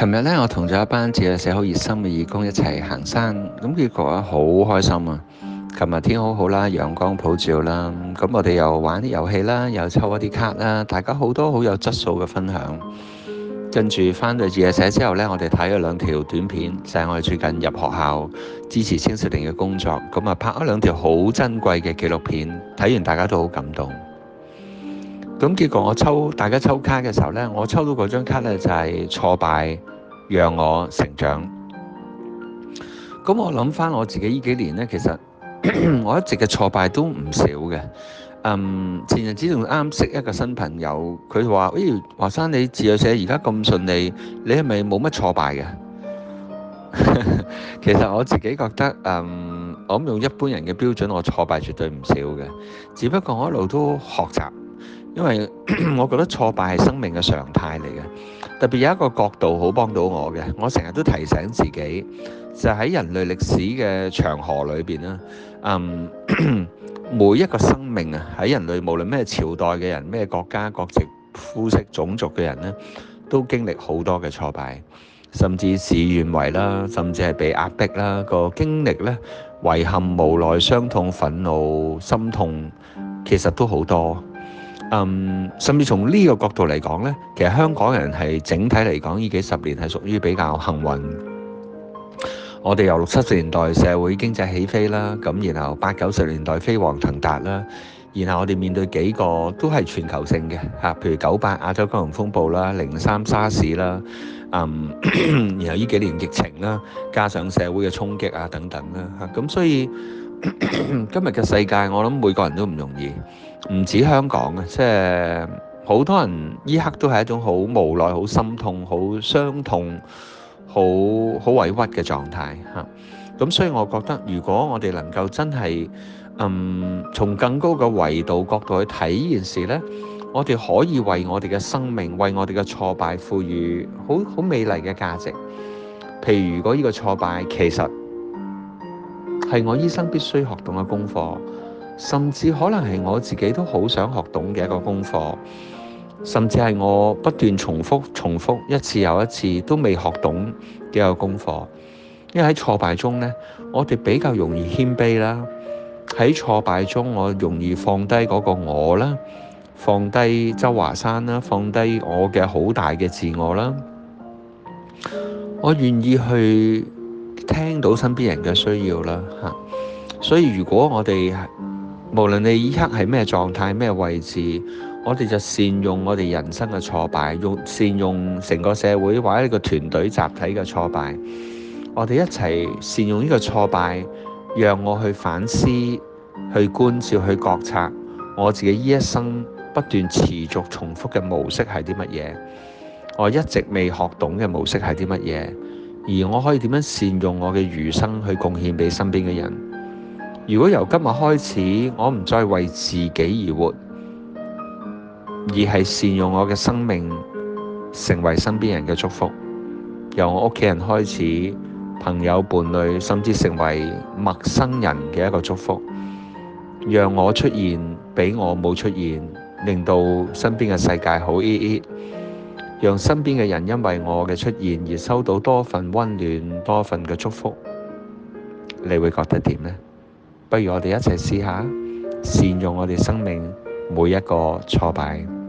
琴日咧，我同咗一班自在社好熱心嘅義工一齊行山，咁結果好開心啊！琴日天好好啦，陽光普照啦，咁我哋又玩啲遊戲啦，又抽一啲卡啦，大家好多好有質素嘅分享。跟住翻到自在社之後咧，我哋睇咗兩條短片，就係我哋最近入學校支持青少年嘅工作，咁啊拍咗兩條好珍貴嘅紀錄片，睇完大家都好感動。咁結果我抽大家抽卡嘅時候呢，我抽到嗰張卡呢，就係、是、挫敗，讓我成長。咁我諗返我自己呢幾年呢，其實 我一直嘅挫敗都唔少嘅。嗯，前陣子仲啱識一個新朋友，佢話：咦、哎，華山你自在社而家咁順利，你係咪冇乜挫敗嘅？ 其實我自己覺得，嗯，我用一般人嘅標準，我挫敗絕對唔少嘅。只不過我一路都學習。因為我覺得挫敗係生命嘅常態嚟嘅，特別有一個角度好幫到我嘅。我成日都提醒自己，就喺人類歷史嘅長河裏邊啦。嗯，每一個生命啊，喺人類無論咩朝代嘅人、咩國家、國籍、膚色、種族嘅人呢，都經歷好多嘅挫敗，甚至事與願違啦，甚至係被壓迫啦。個經歷呢，遺憾、無奈、傷痛、憤怒、心痛，其實都好多。嗯，um, 甚至從呢個角度嚟講呢，其實香港人係整體嚟講，呢幾十年係屬於比較幸運。我哋由六七十年代社會經濟起飛啦，咁然後八九十年代飛黃騰達啦，然後我哋面對幾個都係全球性嘅嚇，譬如九八亞洲金融風暴啦、零三沙士啦，嗯， 然後呢幾年疫情啦，加上社會嘅衝擊啊等等啦嚇，咁所以。咳咳，今日嘅世界，我諗每個人都唔容易，唔止香港啊，即係好多人呢刻都係一種好無奈、好心痛、好傷痛、好好委屈嘅狀態吓。咁 所以我覺得，如果我哋能夠真係嗯從更高嘅維度角度去睇呢件事呢，我哋可以為我哋嘅生命、為我哋嘅挫敗賦予好好美麗嘅價值。譬如如果呢個挫敗其實，係我醫生必須學懂嘅功課，甚至可能係我自己都好想學懂嘅一個功課，甚至係我不斷重複、重複一次又一次都未學懂嘅一個功課。因為喺挫敗中呢，我哋比較容易謙卑啦。喺挫敗中，我容易放低嗰個我啦，放低周華山啦，放低我嘅好大嘅自我啦，我願意去聽到身邊人嘅需要啦，嚇！ 所以如果我哋無論你依刻係咩狀態、咩位置，我哋就善用我哋人生嘅挫敗，用善用成個社會或者一個團隊集體嘅挫敗，我哋一齊善用呢個挫敗，讓我去反思、去觀照、去覺察我自己呢一生不斷持續重複嘅模式係啲乜嘢，我一直未學懂嘅模式係啲乜嘢。而我可以點樣善用我嘅餘生去貢獻俾身邊嘅人？如果由今日開始，我唔再為自己而活，而係善用我嘅生命，成為身邊人嘅祝福。由我屋企人開始，朋友、伴侶，甚至成為陌生人嘅一個祝福。讓我出現，俾我冇出現，令到身邊嘅世界好啲。讓身邊嘅人因為我嘅出現而收到多份溫暖、多份嘅祝福，你會覺得點呢？不如我哋一齊試下善用我哋生命每一個挫敗。